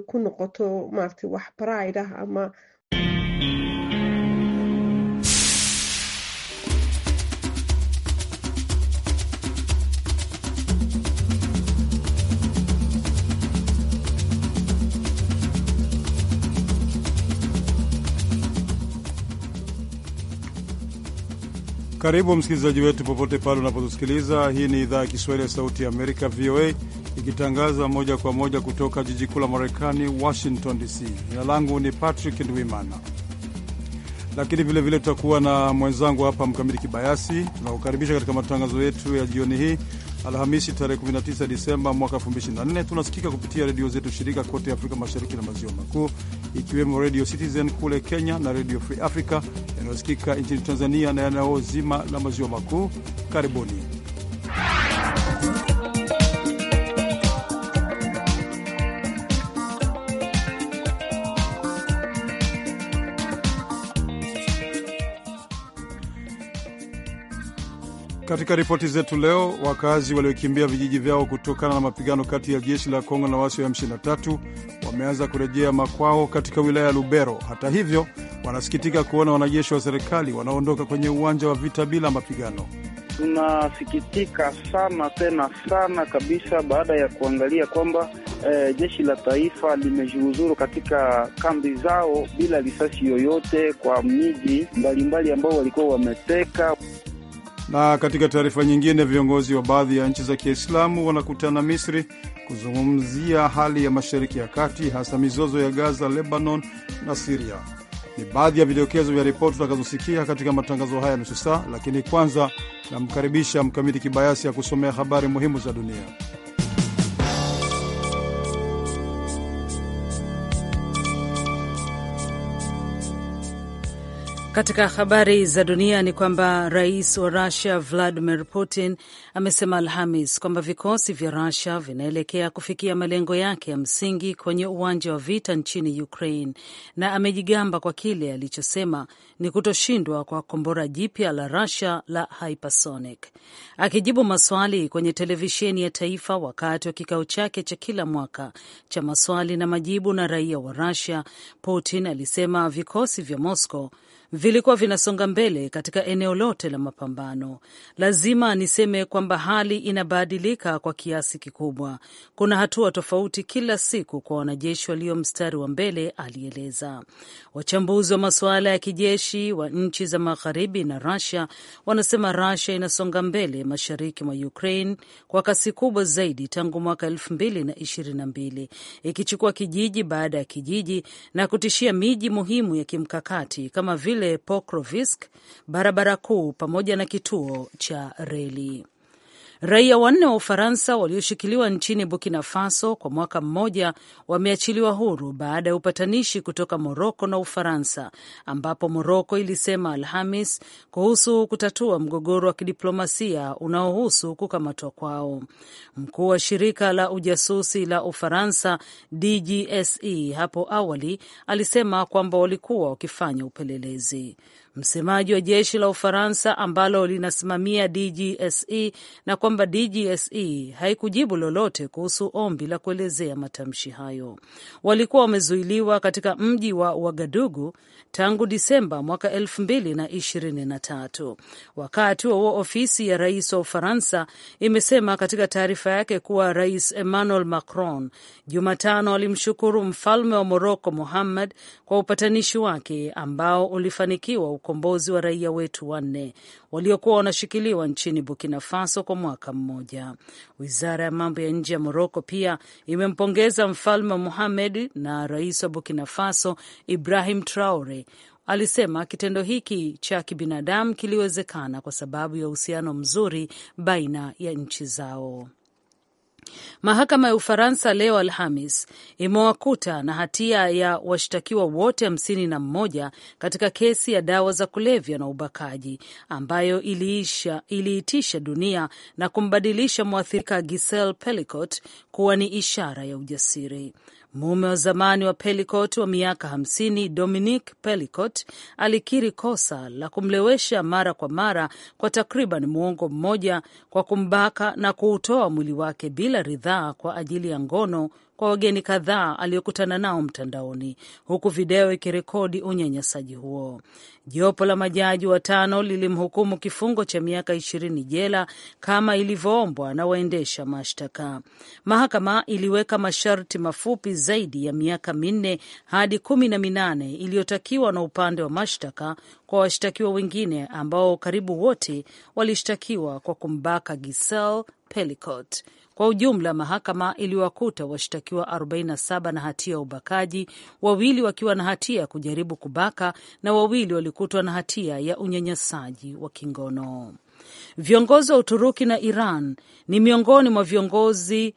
ku noqoto maaragtay wax pride ah ama Karibu msikilizaji wetu popote pale unapotusikiliza. Hii ni idhaa ya Kiswahili ya Sauti ya Amerika, VOA ikitangaza moja kwa moja kutoka jiji kuu la Marekani, Washington DC. Jina langu ni Patrick Ndwimana, lakini vilevile tutakuwa na mwenzangu hapa Mkamiti Kibayasi. Tunakukaribisha katika matangazo yetu ya jioni hii Alhamisi tarehe 19 Disemba mwaka 2024. Tunasikika kupitia redio zetu shirika kote Afrika Mashariki na Maziwa Makuu, ikiwemo Redio Citizen kule Kenya na Redio Free Africa yanayosikika nchini Tanzania na eneo zima la Maziwa Makuu. Karibuni. Katika ripoti zetu leo, wakazi waliokimbia vijiji vyao kutokana na mapigano kati ya jeshi la Kongo na waasi wa M23 wameanza kurejea makwao katika wilaya ya Lubero. Hata hivyo, wanasikitika kuona wanajeshi wa serikali wanaondoka kwenye uwanja wa vita bila mapigano. Tunasikitika sana tena sana kabisa baada ya kuangalia kwamba e, jeshi la taifa limejiuzuru katika kambi zao bila risasi yoyote kwa miji mbalimbali ambao walikuwa wameteka. Na katika taarifa nyingine, viongozi wa baadhi ya nchi za Kiislamu wanakutana Misri kuzungumzia hali ya Mashariki ya Kati, hasa mizozo ya Gaza, Lebanon na Siria. Ni baadhi ya vidokezo vya ripoti utakazosikia katika matangazo haya nusu saa, lakini kwanza namkaribisha Mkamiti Kibayasi ya kusomea habari muhimu za dunia. Katika habari za dunia ni kwamba rais wa Rusia Vladimir Putin amesema Alhamis kwamba vikosi vya Rusia vinaelekea kufikia malengo yake ya msingi kwenye uwanja wa vita nchini Ukraine, na amejigamba kwa kile alichosema ni kutoshindwa kwa kombora jipya la Rusia la hypersonic. Akijibu maswali kwenye televisheni ya taifa wakati wa kikao chake cha kila mwaka cha maswali na majibu na raia wa Rusia, Putin alisema vikosi vya Moscow vilikuwa vinasonga mbele katika eneo lote la mapambano. Lazima niseme kwamba hali inabadilika kwa kiasi kikubwa. Kuna hatua tofauti kila siku kwa wanajeshi walio mstari wa mbele, alieleza. Wachambuzi wa masuala ya kijeshi wa nchi za magharibi na rasia wanasema Russia inasonga mbele mashariki mwa Ukraine kwa kasi kubwa zaidi tangu mwaka elfu mbili na ishirini na mbili ikichukua kijiji baada ya kijiji na kutishia miji muhimu ya kimkakati kama vile vile Pokrovsk, barabara kuu pamoja na kituo cha reli. Raia wanne wa Ufaransa walioshikiliwa nchini Burkina Faso kwa mwaka mmoja wameachiliwa huru baada ya upatanishi kutoka Moroko na Ufaransa, ambapo Moroko ilisema Alhamis kuhusu kutatua mgogoro wa kidiplomasia unaohusu kukamatwa kwao. Mkuu wa shirika la ujasusi la Ufaransa DGSE hapo awali alisema kwamba walikuwa wakifanya upelelezi msemaji wa jeshi la Ufaransa ambalo linasimamia DGSE na kwamba DGSE haikujibu lolote kuhusu ombi la kuelezea matamshi hayo. Walikuwa wamezuiliwa katika mji wa Wagadugu tangu Disemba mwaka elfu mbili na ishirini na tatu. Wakati wa huo ofisi ya rais wa Ufaransa imesema katika taarifa yake kuwa Rais Emmanuel Macron Jumatano alimshukuru mfalme wa Moroko Muhammad kwa upatanishi wake ambao ulifanikiwa ukombozi wa raia wetu wanne waliokuwa wanashikiliwa nchini Burkina Faso kwa mwaka mmoja. Wizara ya mambo ya nje ya Moroko pia imempongeza Mfalme Muhamed na rais wa Burkina Faso Ibrahim Traore Alisema kitendo hiki cha kibinadamu kiliwezekana kwa sababu ya uhusiano mzuri baina ya nchi zao. Mahakama ya Ufaransa leo Alhamis imewakuta na hatia ya washtakiwa wote hamsini na mmoja katika kesi ya dawa za kulevya na ubakaji ambayo iliisha, iliitisha dunia na kumbadilisha mwathirika Giselle Pelicot kuwa ni ishara ya ujasiri. Mume wa zamani wa Pelicot wa miaka hamsini, Dominic Pelicot alikiri kosa la kumlewesha mara kwa mara kwa takriban muongo mmoja kwa kumbaka na kuutoa mwili wake bila ridhaa kwa ajili ya ngono kwa wageni kadhaa aliyokutana nao mtandaoni, huku video ikirekodi unyanyasaji huo. Jopo la majaji watano lilimhukumu kifungo cha miaka ishirini jela kama ilivyoombwa na waendesha mashtaka. Mahakama iliweka masharti mafupi zaidi ya miaka minne hadi kumi na minane iliyotakiwa na upande wa mashtaka kwa washtakiwa wengine ambao karibu wote walishtakiwa kwa kumbaka Giselle Pelicot. Kwa ujumla, mahakama iliwakuta washtakiwa 47 na hatia ya ubakaji, wawili wakiwa na hatia ya kujaribu kubaka na wawili walikutwa na hatia ya unyanyasaji wa kingono. Viongozi wa Uturuki na Iran ni miongoni mwa viongozi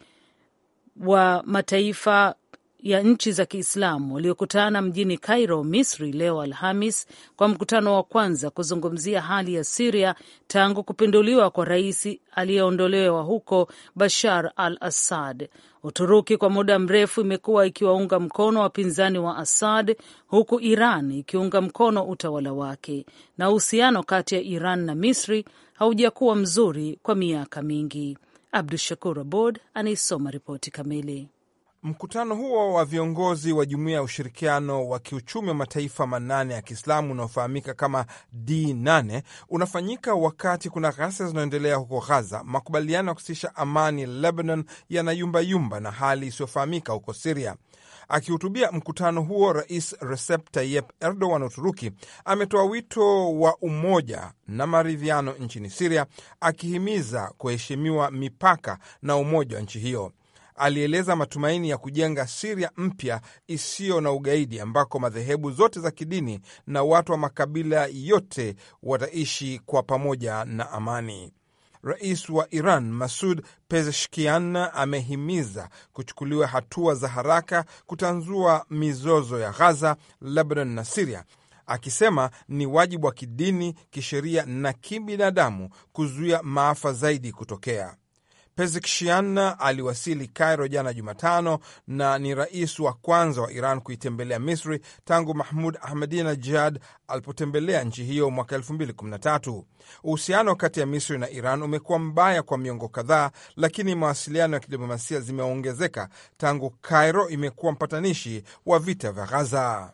wa mataifa ya nchi za Kiislamu waliokutana mjini Cairo, Misri leo Alhamis kwa mkutano wa kwanza kuzungumzia hali ya Siria tangu kupinduliwa kwa rais aliyeondolewa huko Bashar al Assad. Uturuki kwa muda mrefu imekuwa ikiwaunga mkono wapinzani wa Assad huku Iran ikiunga mkono utawala wake, na uhusiano kati ya Iran na Misri haujakuwa mzuri kwa miaka mingi. Abdu Shakur Abod anaisoma ripoti kamili. Mkutano huo wa viongozi wa Jumuiya ya Ushirikiano wa Kiuchumi wa Mataifa manane ya Kiislamu unaofahamika kama D8 unafanyika wakati kuna ghasia zinaoendelea huko Ghaza, makubaliano ya kusitisha amani Lebanon yanayumbayumba na hali isiyofahamika huko Siria. Akihutubia mkutano huo, Rais Recep Tayyip Erdogan wa Uturuki ametoa wito wa umoja na maridhiano nchini Siria, akihimiza kuheshimiwa mipaka na umoja wa nchi hiyo alieleza matumaini ya kujenga Siria mpya isiyo na ugaidi ambako madhehebu zote za kidini na watu wa makabila yote wataishi kwa pamoja na amani. Rais wa Iran Masud Pezeshkian amehimiza kuchukuliwa hatua za haraka kutanzua mizozo ya Ghaza, Lebanon na Siria, akisema ni wajibu wa kidini, kisheria na kibinadamu kuzuia maafa zaidi kutokea. Pezeshkian aliwasili Cairo jana Jumatano na ni rais wa kwanza wa Iran kuitembelea Misri tangu Mahmud Ahmadinejad alipotembelea nchi hiyo mwaka 2013. Uhusiano kati ya Misri na Iran umekuwa mbaya kwa miongo kadhaa, lakini mawasiliano ya kidiplomasia zimeongezeka tangu Cairo imekuwa mpatanishi wa vita vya Ghaza.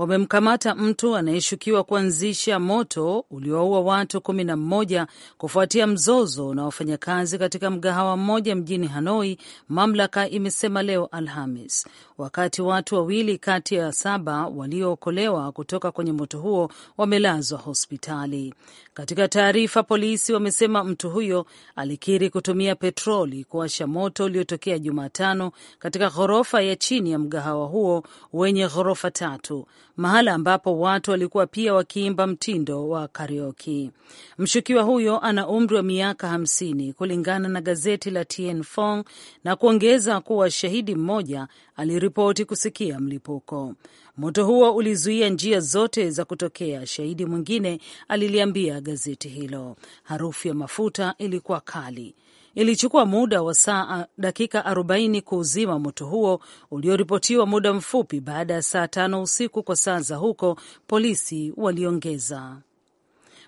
wamemkamata mtu anayeshukiwa kuanzisha moto uliowaua watu kumi na mmoja kufuatia mzozo na wafanyakazi katika mgahawa mmoja mjini Hanoi, mamlaka imesema leo Alhamis, wakati watu wawili kati ya saba waliookolewa kutoka kwenye moto huo wamelazwa hospitali. Katika taarifa, polisi wamesema mtu huyo alikiri kutumia petroli kuwasha moto uliotokea Jumatano katika ghorofa ya chini ya mgahawa huo wenye ghorofa tatu mahala ambapo watu walikuwa pia wakiimba mtindo wa karaoke. Mshukiwa huyo ana umri wa miaka hamsini kulingana na gazeti la Tien Fong, na kuongeza kuwa shahidi mmoja aliripoti kusikia mlipuko. Moto huo ulizuia njia zote za kutokea, shahidi mwingine aliliambia gazeti hilo. Harufu ya mafuta ilikuwa kali. Ilichukua muda wa saa dakika 40 kuuzima moto huo ulioripotiwa muda mfupi baada ya saa tano usiku kwa saa za huko, polisi waliongeza.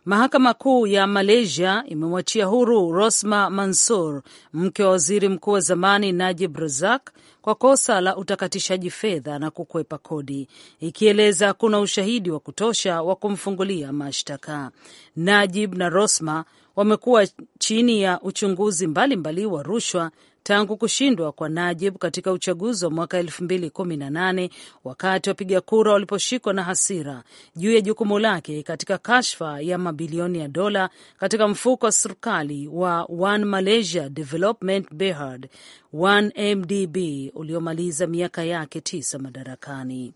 Mahakama Kuu ya Malaysia imemwachia huru Rosma mansur mke wa waziri mkuu wa zamani Najib Razak, kwa kosa la utakatishaji fedha na kukwepa kodi, ikieleza hakuna ushahidi wa kutosha wa kumfungulia mashtaka. Najib na Rosma wamekuwa chini ya uchunguzi mbalimbali wa rushwa tangu kushindwa kwa Najib katika uchaguzi wa mwaka elfu mbili kumi na nane wakati wapiga kura waliposhikwa na hasira juu ya jukumu lake katika kashfa ya mabilioni ya dola katika mfuko wa serikali wa One Malaysia Development Berhad 1MDB uliomaliza miaka yake tisa madarakani.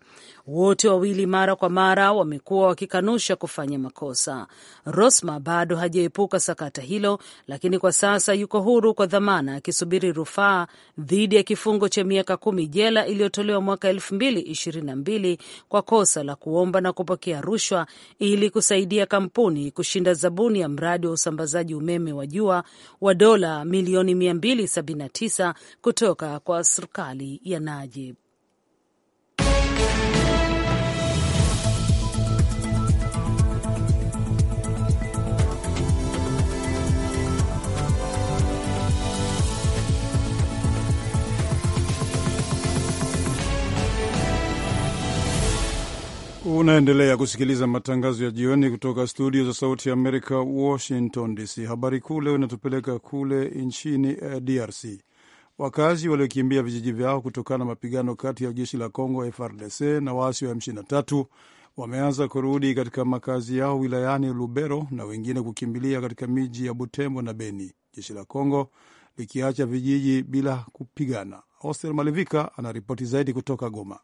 Wote wawili mara kwa mara wamekuwa wakikanusha kufanya makosa. Rosma bado hajaepuka sakata hilo, lakini kwa sasa yuko huru kwa dhamana akisubiri rufaa dhidi ya kifungo cha miaka kumi jela iliyotolewa mwaka 2022 kwa kosa la kuomba na kupokea rushwa ili kusaidia kampuni kushinda zabuni ya mradi wa usambazaji umeme wa jua wa dola milioni 279 kutoka kwa serikali ya Najib. Unaendelea kusikiliza matangazo ya jioni kutoka studio za Sauti ya Amerika, Washington DC. Habari kuu leo inatupeleka kule nchini eh, DRC. Wakazi waliokimbia vijiji vyao kutokana na mapigano kati ya jeshi la Congo FRDC na waasi wa M23 wameanza kurudi katika makazi yao wilayani Lubero na wengine kukimbilia katika miji ya Butembo na Beni, jeshi la Congo likiacha vijiji bila kupigana. Hostel Malivika anaripoti zaidi kutoka Goma.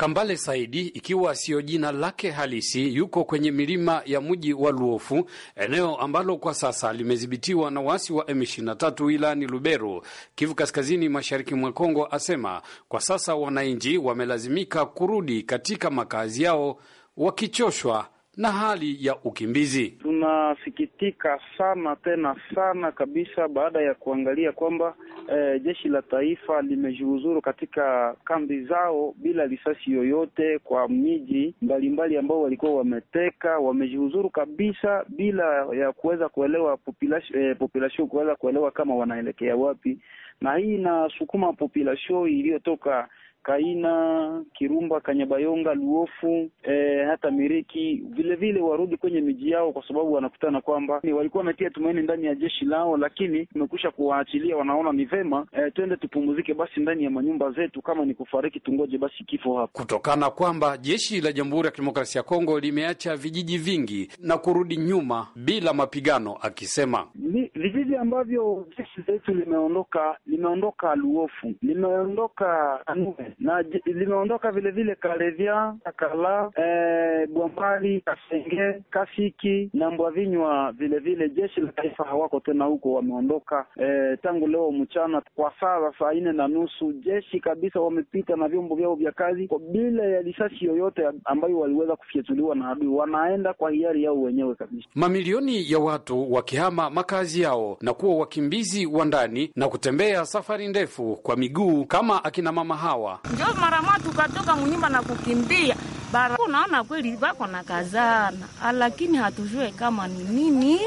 Kambale Saidi, ikiwa siyo jina lake halisi, yuko kwenye milima ya mji wa Luofu, eneo ambalo kwa sasa limedhibitiwa na waasi wa M23 wilayani Lubero, Kivu Kaskazini, mashariki mwa Kongo. Asema kwa sasa wananchi wamelazimika kurudi katika makazi yao wakichoshwa na hali ya ukimbizi. Tunasikitika sana tena sana kabisa baada ya kuangalia kwamba e, jeshi la taifa limejiuzuru katika kambi zao bila risasi yoyote kwa miji mbalimbali ambao walikuwa wameteka. Wamejiuzuru kabisa bila ya kuweza kuelewa population, e, population kuweza kuelewa kama wanaelekea wapi, na hii inasukuma population iliyotoka Kaina, Kirumba, Kanyabayonga, Luofu e, hata Miriki vile vile warudi kwenye miji yao, kwa sababu wanakutana kwamba walikuwa wametia tumaini ndani ya jeshi lao, lakini tumekwisha kuwaachilia. Wanaona ni vema e, twende tupumzike basi ndani ya manyumba zetu, kama ni kufariki tungoje basi kifo hapa, kutokana kwamba jeshi la Jamhuri ya Kidemokrasia ya Kongo limeacha vijiji vingi na kurudi nyuma bila mapigano, akisema ni vijiji ambavyo jeshi letu limeondoka, limeondoka Luofu, limeondoka Anue na limeondoka vilevile karevya kakala eh, Bwambali, Kasenge, Kasiki na Mbwavinywa. Vilevile jeshi la taifa hawako tena huko, wameondoka eh, tangu leo mchana kwa saa saa nne na nusu jeshi kabisa wamepita na vyombo vyao vya kazi bila ya risasi yoyote ambayo waliweza kufyatuliwa na adui, wanaenda kwa hiari yao wenyewe kabisa. Mamilioni ya watu wakihama makazi yao na kuwa wakimbizi wa ndani na kutembea safari ndefu kwa miguu kama akina mama hawa njo Ndio mara moja tukatoka munyumba na kukimbia bara. Unaona kweli vako na kazana, ah, lakini hatujue kama ni nini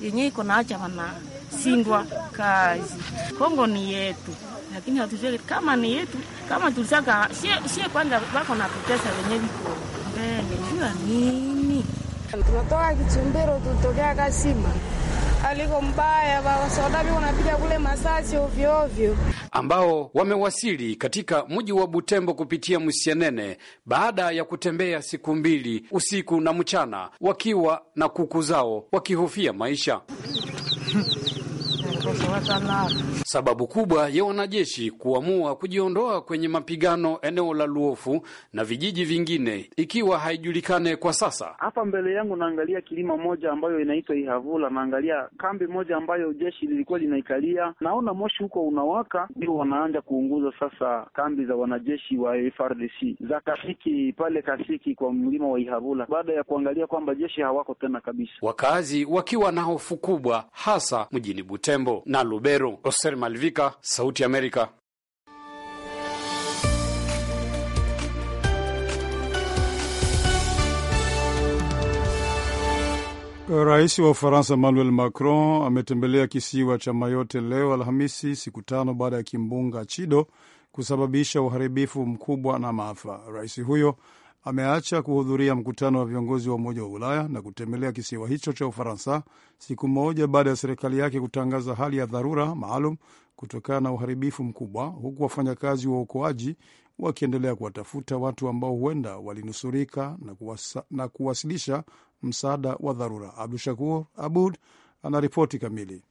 yenye iko naacha wanasindwa kazi. Kongo ni yetu lakini hatujue kama ni yetu, kama tulisaka sie, sie kwanza vako na kutesa venye viko mbele jua nini Tunatoka Kichumbiro, tutokea Kasima aliko mbaya wasodavi wanapiga kule masasi ovyo ovyo, ambao wamewasili katika mji wa Butembo kupitia Msienene baada ya kutembea siku mbili usiku na mchana, wakiwa na kuku zao wakihofia maisha Sababu kubwa ya wanajeshi kuamua kujiondoa kwenye mapigano eneo la Luofu na vijiji vingine ikiwa haijulikane kwa sasa. Hapa mbele yangu naangalia kilima moja ambayo inaitwa Ihavula, naangalia kambi moja ambayo jeshi lilikuwa linaikalia, naona moshi huko unawaka, ndio wanaanja kuunguza sasa kambi za wanajeshi wa FRDC za Kasiki pale Kasiki kwa mlima wa Ihavula, baada ya kuangalia kwamba jeshi hawako tena kabisa, wakazi wakiwa na hofu kubwa, hasa mjini Butembo. Butembo na Lubero. Oser Malvika, Sauti Amerika. Rais wa Ufaransa Emmanuel Macron ametembelea kisiwa cha Mayotte leo Alhamisi, siku tano baada ya kimbunga Chido kusababisha uharibifu mkubwa na maafa. Rais huyo ameacha kuhudhuria mkutano wa viongozi wa Umoja wa Ulaya na kutembelea kisiwa hicho cha Ufaransa siku moja baada ya serikali yake kutangaza hali ya dharura maalum kutokana na uharibifu mkubwa, huku wafanyakazi wa uokoaji wakiendelea kuwatafuta watu ambao huenda walinusurika na, kuwasa, na kuwasilisha msaada wa dharura. Abdu Shakur Abud anaripoti kamili.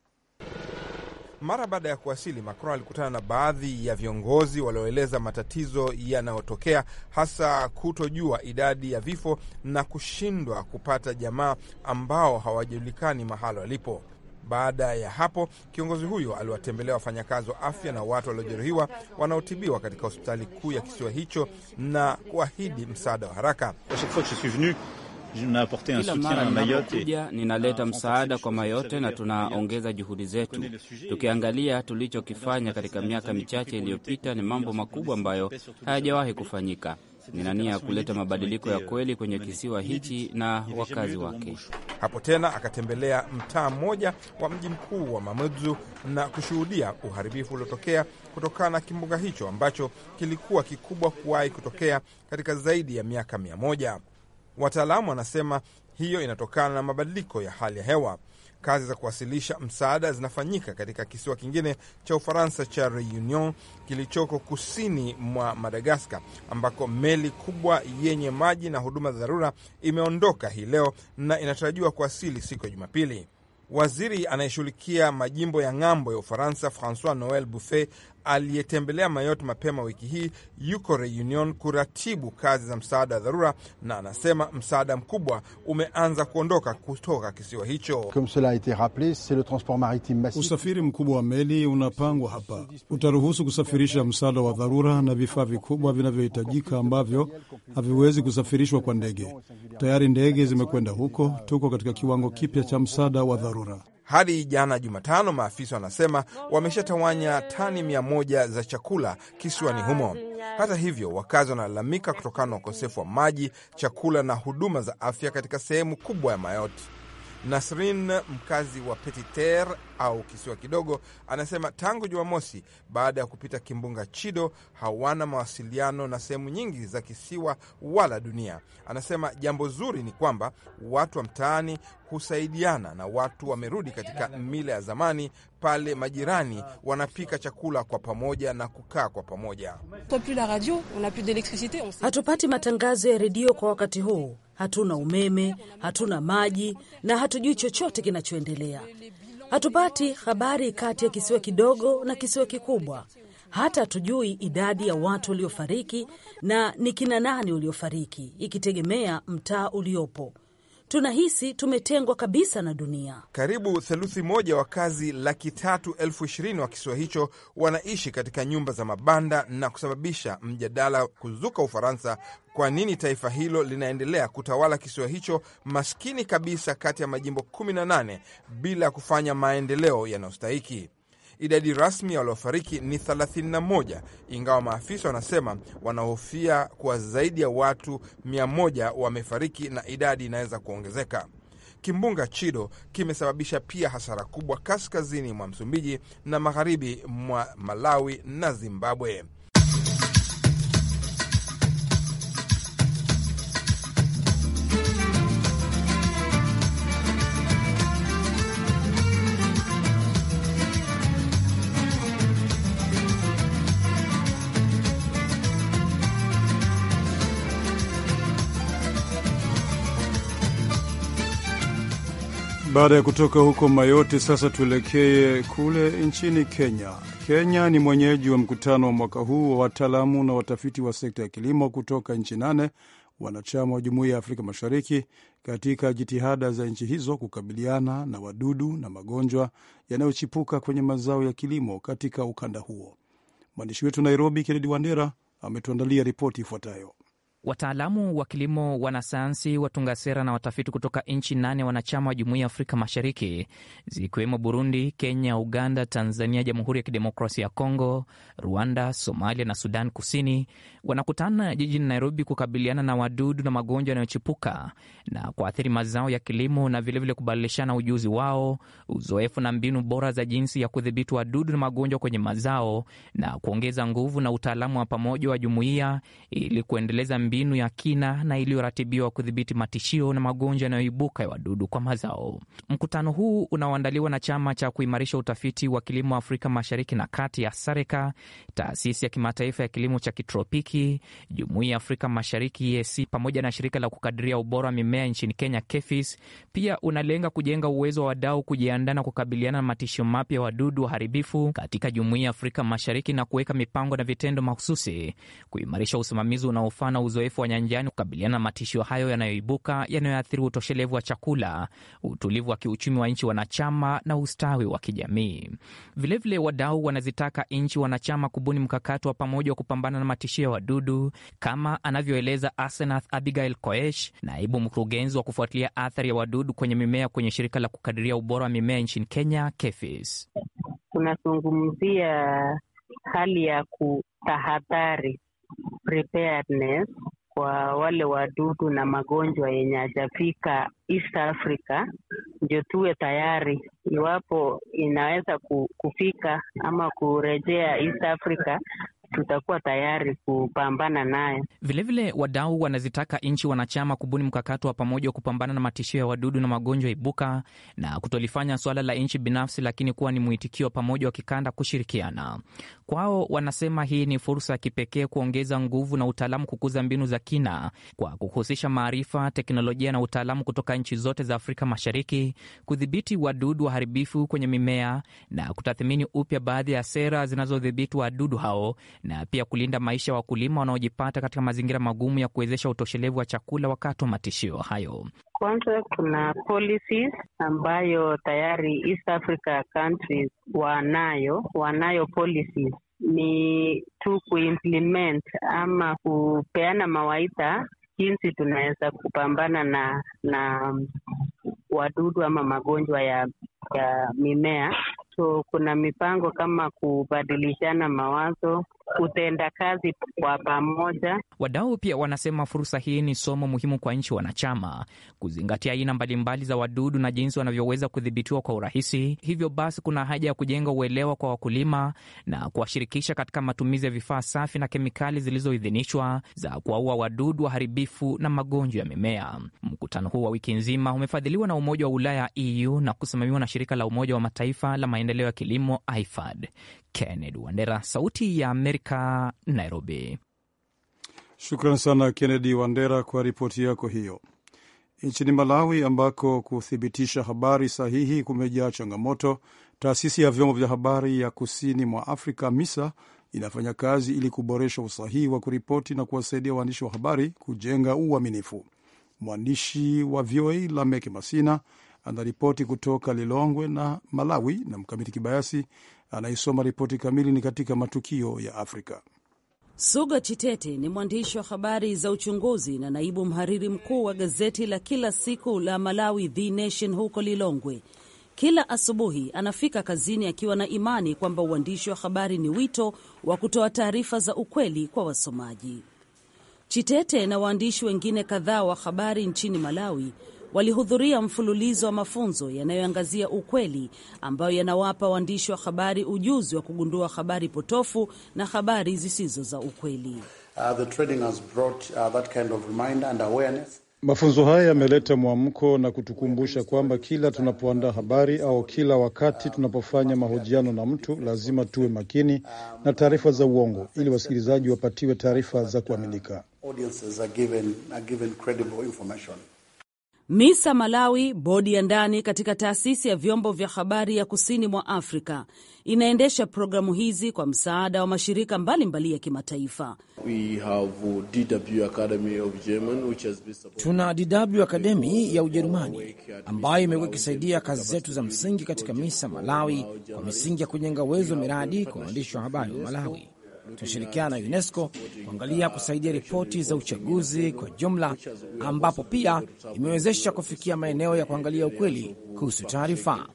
Mara baada ya kuwasili, Macron alikutana na baadhi ya viongozi walioeleza matatizo yanayotokea, hasa kutojua idadi ya vifo na kushindwa kupata jamaa ambao hawajulikani mahali walipo. Baada ya hapo kiongozi huyo aliwatembelea wafanyakazi wa afya na watu waliojeruhiwa wanaotibiwa katika hospitali kuu ya kisiwa hicho na kuahidi msaada wa haraka kila mara ninaleta msaada kwa Mayotte na tunaongeza juhudi zetu. Tukiangalia tulichokifanya katika miaka michache iliyopita, ni mambo makubwa ambayo hayajawahi kufanyika. Nina nia ya kuleta mabadiliko ya kweli kwenye kisiwa hichi na wakazi wake. Hapo tena akatembelea mtaa mmoja wa mji mkuu wa Mamudzu na kushuhudia uharibifu uliotokea kutokana na kimbunga hicho ambacho kilikuwa kikubwa kuwahi kutokea katika zaidi ya miaka mia moja. Wataalamu wanasema hiyo inatokana na mabadiliko ya hali ya hewa. Kazi za kuwasilisha msaada zinafanyika katika kisiwa kingine cha Ufaransa cha Reunion kilichoko kusini mwa Madagaskar, ambako meli kubwa yenye maji na huduma za dharura imeondoka hii leo na inatarajiwa kuwasili siku ya Jumapili. Waziri anayeshughulikia majimbo ya ng'ambo ya Ufaransa, Francois Noel Buffet, aliyetembelea Mayot mapema wiki hii yuko Reunion kuratibu kazi za msaada wa dharura, na anasema msaada mkubwa umeanza kuondoka kutoka kisiwa hicho. Usafiri mkubwa wa meli unapangwa hapa, utaruhusu kusafirisha msaada wa dharura na vifaa vikubwa vinavyohitajika ambavyo haviwezi kusafirishwa kwa ndege. Tayari ndege zimekwenda huko. Tuko katika kiwango kipya cha msaada wa dharura. Hadi jana Jumatano, maafisa wanasema wameshatawanya tani mia moja za chakula kisiwani humo. Hata hivyo, wakazi wanalalamika kutokana na ukosefu wa maji, chakula na huduma za afya katika sehemu kubwa ya Mayot. Nasrin, mkazi wa Petiter au kisiwa kidogo, anasema tangu Jumamosi baada ya kupita kimbunga Chido hawana mawasiliano na sehemu nyingi za kisiwa wala dunia. Anasema jambo zuri ni kwamba watu wa mtaani husaidiana na watu wamerudi katika mila ya zamani pale majirani wanapika chakula kwa pamoja na kukaa kwa pamoja. Hatupati matangazo ya redio kwa wakati huu, hatuna umeme, hatuna maji na hatujui chochote kinachoendelea. Hatupati habari kati ya kisiwa kidogo na kisiwa kikubwa. Hata hatujui idadi ya watu waliofariki na ni kina nani waliofariki, ikitegemea mtaa uliopo tunahisi tumetengwa kabisa na dunia. Karibu theluthi moja wakazi laki tatu elfu ishirini wa kisiwa hicho wanaishi katika nyumba za mabanda na kusababisha mjadala kuzuka Ufaransa, kwa nini taifa hilo linaendelea kutawala kisiwa hicho maskini kabisa kati ya majimbo 18 bila kufanya maendeleo yanayostahiki. Idadi rasmi ya waliofariki ni 31 ingawa maafisa wanasema wanahofia kuwa zaidi ya watu 100 wamefariki na idadi inaweza kuongezeka. Kimbunga Chido kimesababisha pia hasara kubwa kaskazini mwa Msumbiji na magharibi mwa Malawi na Zimbabwe. Baada ya kutoka huko Mayoti, sasa tuelekee kule nchini Kenya. Kenya ni mwenyeji wa mkutano wa mwaka huu wa wataalamu na watafiti wa sekta ya kilimo kutoka nchi nane wanachama wa Jumuiya ya Afrika Mashariki katika jitihada za nchi hizo kukabiliana na wadudu na magonjwa yanayochipuka kwenye mazao ya kilimo katika ukanda huo. Mwandishi wetu Nairobi, Kennedy Wandera ametuandalia ripoti ifuatayo. Wataalamu wa kilimo, wanasayansi, watunga sera na watafiti kutoka nchi nane wanachama wa jumuiya ya Afrika Mashariki, zikiwemo Burundi, Kenya, Uganda, Tanzania, Jamhuri ya Kidemokrasia ya Kongo, Rwanda, Somalia na Sudan Kusini, wanakutana jijini Nairobi kukabiliana na wadudu na magonjwa yanayochipuka na kuathiri mazao ya kilimo na vilevile kubadilishana ujuzi wao, uzoefu na mbinu bora za jinsi ya kudhibiti wadudu na magonjwa kwenye mazao na kuongeza nguvu na utaalamu wa pamoja wa jumuiya ili kuendeleza mbinu ya kina na iliyoratibiwa kudhibiti matishio na magonjwa yanayoibuka ya wadudu kwa mazao. Mkutano huu unaoandaliwa na chama cha kuimarisha utafiti wa kilimo Afrika Mashariki na Kati ya SAREKA, taasisi ya kimataifa ya kilimo cha kitropiki, jumuiya ya Afrika Mashariki EAC, pamoja na shirika la kukadiria ubora wa mimea nchini Kenya KEFIS, pia unalenga kujenga uwezo wa wadau kujiandaa na kukabiliana na matishio mapya ya wadudu waharibifu katika jumuiya ya Afrika Mashariki na kuweka mipango na vitendo mahususi kuimarisha usimamizi unaofaa na uzoefu wa nyanjani kukabiliana na matishio hayo yanayoibuka yanayoathiri utoshelevu wa chakula, utulivu wa kiuchumi wa nchi wanachama na ustawi wa kijamii. Vilevile, wadau wanazitaka nchi wanachama kubuni mkakati wa pamoja wa kupambana na matishio ya wadudu, kama anavyoeleza Asenath Abigail Koesh, naibu mkurugenzi wa kufuatilia athari ya wadudu kwenye mimea kwenye shirika la kukadiria ubora wa mimea nchini Kenya, KEFIS. Tunazungumzia hali ya kutahadhari preparedness kwa wale wadudu na magonjwa yenye hajafika East Africa, ndio tuwe tayari iwapo inaweza kufika ama kurejea East Africa, tutakuwa tayari kupambana nayo. Vilevile, wadau wanazitaka nchi wanachama kubuni mkakati wa pamoja wa kupambana na matishio ya wadudu na magonjwa ibuka na kutolifanya suala la nchi binafsi, lakini kuwa ni mwitikio wa pamoja wa kikanda kushirikiana. Kwao wanasema hii ni fursa ya kipekee kuongeza nguvu na utaalamu, kukuza mbinu za kina kwa kuhusisha maarifa, teknolojia na utaalamu kutoka nchi zote za Afrika Mashariki, kudhibiti wadudu waharibifu kwenye mimea na kutathmini upya baadhi ya sera zinazodhibiti wadudu hao na pia kulinda maisha ya wakulima wanaojipata katika mazingira magumu ya kuwezesha utoshelevu wa chakula wakati wa matishio hayo. Kwanza kuna policies ambayo tayari East Africa countries wanayo, wanayo policies ni tu kuimplement ama kupeana mawaidha jinsi tunaweza kupambana na na wadudu ama magonjwa ya ya mimea. So kuna mipango kama kubadilishana mawazo, kutenda kazi kwa pamoja. Wadau pia wanasema fursa hii ni somo muhimu kwa nchi wanachama kuzingatia aina mbalimbali za wadudu na jinsi wanavyoweza kudhibitiwa kwa urahisi. Hivyo basi, kuna haja ya kujenga uelewa kwa wakulima na kuwashirikisha katika matumizi ya vifaa safi na kemikali zilizoidhinishwa za kuwaua wadudu waharibifu na magonjwa ya mimea. Mkutano huu wa wiki nzima umefadhiliwa na Umoja wa Ulaya, EU, na kusimamiwa na shirika la Umoja wa Mataifa la maendeleo ya kilimo, IFAD. Kennedy Wandera, Sauti ya Amerika, Nairobi. Shukran sana Kennedy Wandera kwa ripoti yako hiyo. Nchini Malawi ambako kuthibitisha habari sahihi kumejaa changamoto, taasisi ya vyombo vya habari ya kusini mwa Afrika MISA inafanya kazi ili kuboresha usahihi wa kuripoti na kuwasaidia waandishi wa habari kujenga uaminifu. Mwandishi wa VOA Lamek Masina anaripoti kutoka Lilongwe na Malawi, na Mkamiti Kibayasi Anaisoma ripoti kamili ni katika matukio ya Afrika. Suga Chitete ni mwandishi wa habari za uchunguzi na naibu mhariri mkuu wa gazeti la kila siku la Malawi The Nation huko Lilongwe. Kila asubuhi anafika kazini akiwa na imani kwamba uandishi wa habari ni wito wa kutoa taarifa za ukweli kwa wasomaji. Chitete na waandishi wengine kadhaa wa habari nchini Malawi walihudhuria mfululizo wa mafunzo yanayoangazia ukweli ambayo yanawapa waandishi wa habari ujuzi wa kugundua habari potofu na habari zisizo za ukweli. Uh, the has brought, uh, that kind of reminder and awareness. Mafunzo haya yameleta mwamko na kutukumbusha kwamba kila tunapoandaa habari au kila wakati tunapofanya mahojiano na mtu lazima tuwe makini na taarifa za uongo ili wasikilizaji wapatiwe taarifa za kuaminika. MISA Malawi, bodi ya ndani katika taasisi ya vyombo vya habari ya kusini mwa Afrika, inaendesha programu hizi kwa msaada wa mashirika mbalimbali mbali ya kimataifa. Tuna DW Akademi ya Ujerumani ambayo imekuwa ikisaidia kazi zetu za msingi katika MISA Malawi kwa misingi ya kujenga uwezo wa miradi kwa waandishi wa habari wa Malawi tunashirikiana na UNESCO kuangalia kusaidia ripoti za uchaguzi kwa jumla, ambapo pia imewezesha kufikia maeneo ya kuangalia ukweli kuhusu taarifa.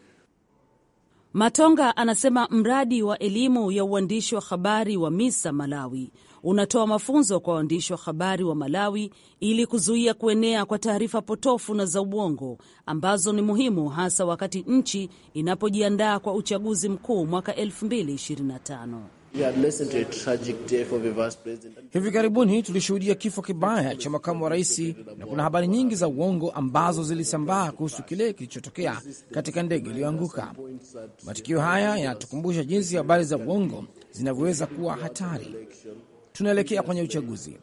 Matonga anasema mradi wa elimu ya uandishi wa habari wa MISA Malawi unatoa mafunzo kwa waandishi wa habari wa Malawi ili kuzuia kuenea kwa taarifa potofu na za uongo ambazo ni muhimu hasa wakati nchi inapojiandaa kwa uchaguzi mkuu mwaka 2025. Hivi karibuni tulishuhudia kifo kibaya cha makamu wa rais, na kuna habari nyingi za uongo ambazo zilisambaa kuhusu kile kilichotokea katika ndege iliyoanguka. Matukio haya yanatukumbusha jinsi habari za uongo zinavyoweza kuwa hatari. Tunaelekea kwenye uchaguzi.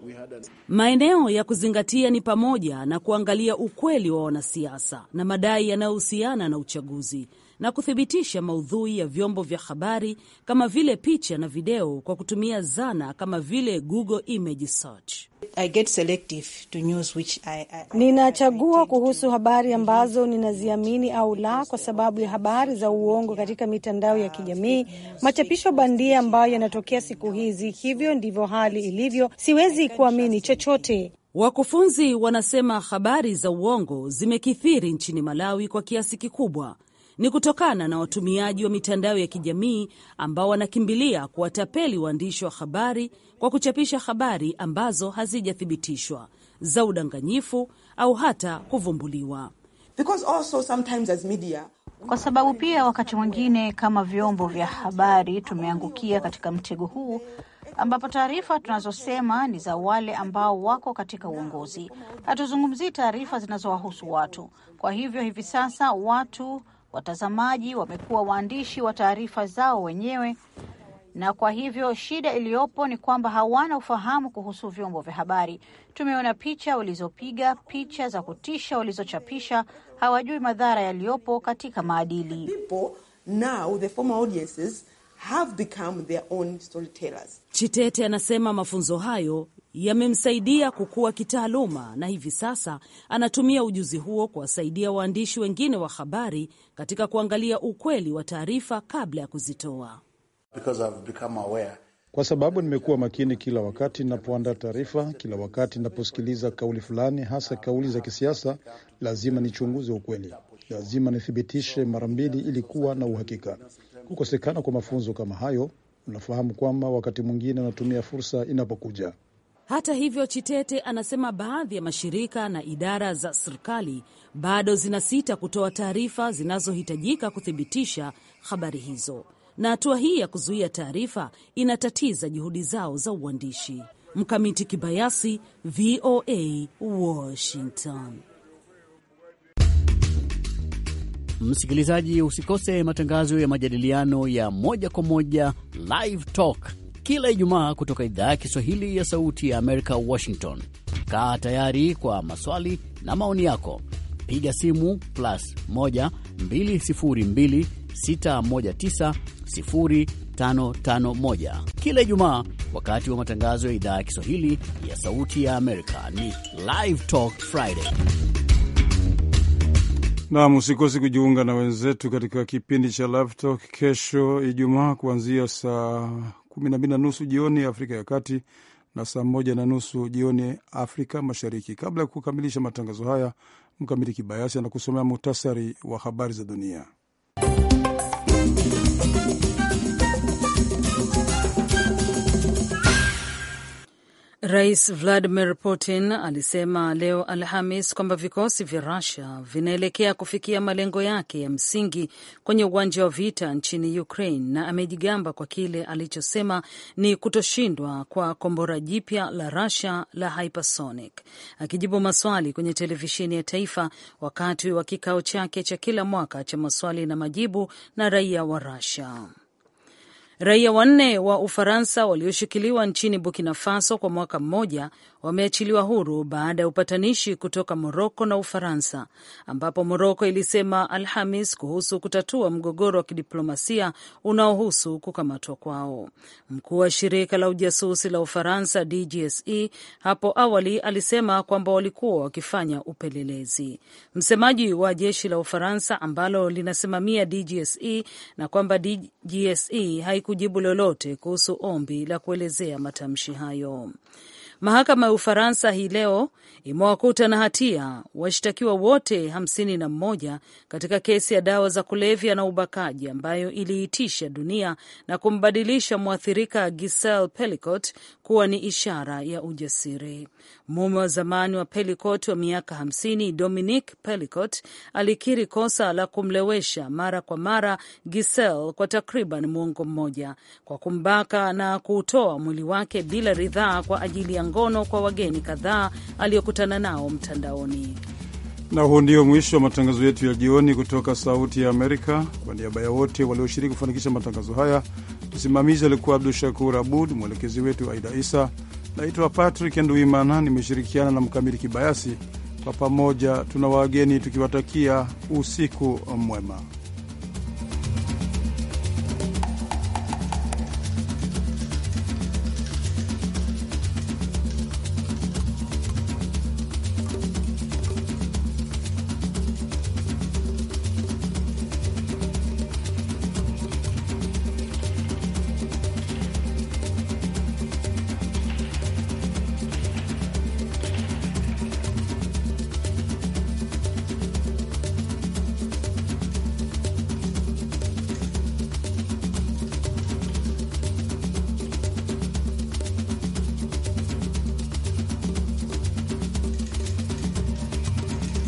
Maeneo ya kuzingatia ni pamoja na kuangalia ukweli wa wanasiasa na madai yanayohusiana na uchaguzi, na kuthibitisha maudhui ya vyombo vya habari kama vile picha na video kwa kutumia zana kama vile Google Image Search. Ninachagua kuhusu habari ambazo ninaziamini au la, kwa sababu ya habari za uongo katika mitandao ya kijamii, machapisho bandia ambayo yanatokea siku hizi. Hivyo ndivyo hali ilivyo, siwezi kuamini chochote. Wakufunzi wanasema habari za uongo zimekithiri nchini Malawi kwa kiasi kikubwa, ni kutokana na watumiaji wa mitandao ya kijamii ambao wanakimbilia kuwatapeli waandishi wa habari kwa kuchapisha habari ambazo hazijathibitishwa za udanganyifu au hata kuvumbuliwa. kwa sababu pia wakati mwingine kama vyombo vya habari tumeangukia katika mtego huu ambapo taarifa tunazosema ni za wale ambao wako katika uongozi. Hatuzungumzii taarifa zinazowahusu watu. Kwa hivyo hivi sasa watu watazamaji wamekuwa waandishi wa taarifa zao wenyewe, na kwa hivyo shida iliyopo ni kwamba hawana ufahamu kuhusu vyombo vya habari. Tumeona picha walizopiga, picha za kutisha walizochapisha, hawajui madhara yaliyopo katika maadili. now the former audiences have become their own storytellers. Chitete anasema mafunzo hayo yamemsaidia kukua kitaaluma na hivi sasa anatumia ujuzi huo kuwasaidia waandishi wengine wa habari katika kuangalia ukweli wa taarifa kabla ya kuzitoa. Kwa sababu nimekuwa makini kila wakati ninapoandaa taarifa, kila wakati ninaposikiliza kauli fulani, hasa kauli za kisiasa, lazima nichunguze ukweli, lazima nithibitishe mara mbili ili kuwa na uhakika. Kukosekana kwa mafunzo kama hayo, unafahamu kwamba wakati mwingine unatumia fursa inapokuja. Hata hivyo, Chitete anasema baadhi ya mashirika na idara za serikali bado zinasita kutoa taarifa zinazohitajika kuthibitisha habari hizo, na hatua hii ya kuzuia taarifa inatatiza juhudi zao za uandishi. Mkamiti Kibayasi, VOA, Washington. Msikilizaji, usikose matangazo ya majadiliano ya moja kwa moja Live Talk kila Ijumaa kutoka idhaa ya Kiswahili ya Sauti ya Amerika, Washington. Kaa tayari kwa maswali na maoni yako, piga simu plus 1 kila Ijumaa wakati wa matangazo ya idhaa ya Kiswahili ya Sauti ya Amerika. Ni Live Talk Friday. Nam, usikosi kujiunga na wenzetu katika kipindi cha Live Talk kesho Ijumaa kuanzia saa 12 na nusu jioni Afrika ya Kati na saa moja na nusu jioni Afrika Mashariki. Kabla ya kukamilisha matangazo haya, Mkamiti Kibayasi anakusomea muhtasari wa habari za dunia. Rais Vladimir Putin alisema leo Alhamis kwamba vikosi vya Rusia vinaelekea kufikia malengo yake ya msingi kwenye uwanja wa vita nchini Ukraine, na amejigamba kwa kile alichosema ni kutoshindwa kwa kombora jipya la Rusia la hypersonic. Akijibu maswali kwenye televisheni ya taifa wakati wa kikao chake cha kila mwaka cha maswali na majibu na raia wa Rusia Raia wanne wa Ufaransa walioshikiliwa nchini Burkina Faso kwa mwaka mmoja wameachiliwa huru baada ya upatanishi kutoka Moroko na Ufaransa, ambapo Moroko ilisema Alhamis kuhusu kutatua mgogoro wa kidiplomasia unaohusu kukamatwa kwao. Mkuu wa shirika la ujasusi la Ufaransa DGSE hapo awali alisema kwamba walikuwa wakifanya upelelezi. Msemaji wa jeshi la Ufaransa ambalo linasimamia DGSE na kwamba DGSE haiku kujibu lolote kuhusu ombi la kuelezea matamshi hayo. Mahakama ya Ufaransa hii leo imewakuta na hatia washtakiwa wote hamsini na mmoja katika kesi ya dawa za kulevya na ubakaji ambayo iliitisha dunia na kumbadilisha mwathirika Giselle Pelicot kuwa ni ishara ya ujasiri. Mume wa zamani wa Pelicot wa miaka 50 Dominic Pelicot alikiri kosa la kumlewesha mara kwa mara gisel kwa takriban mwongo mmoja kwa kumbaka na kuutoa mwili wake bila ridhaa kwa ajili ya ngono kwa wageni kadhaa aliyokutana nao mtandaoni. Na huu ndio mwisho wa matangazo yetu ya jioni kutoka Sauti ya Amerika. Kwa niaba ya wote walioshiriki kufanikisha matangazo haya, msimamizi alikuwa Abdu Shakur Abud, mwelekezi wetu Aida Isa. Naitwa Patrick Nduimana, nimeshirikiana na Mkamili Kibayasi. Kwa pamoja tuna wageni tukiwatakia usiku mwema.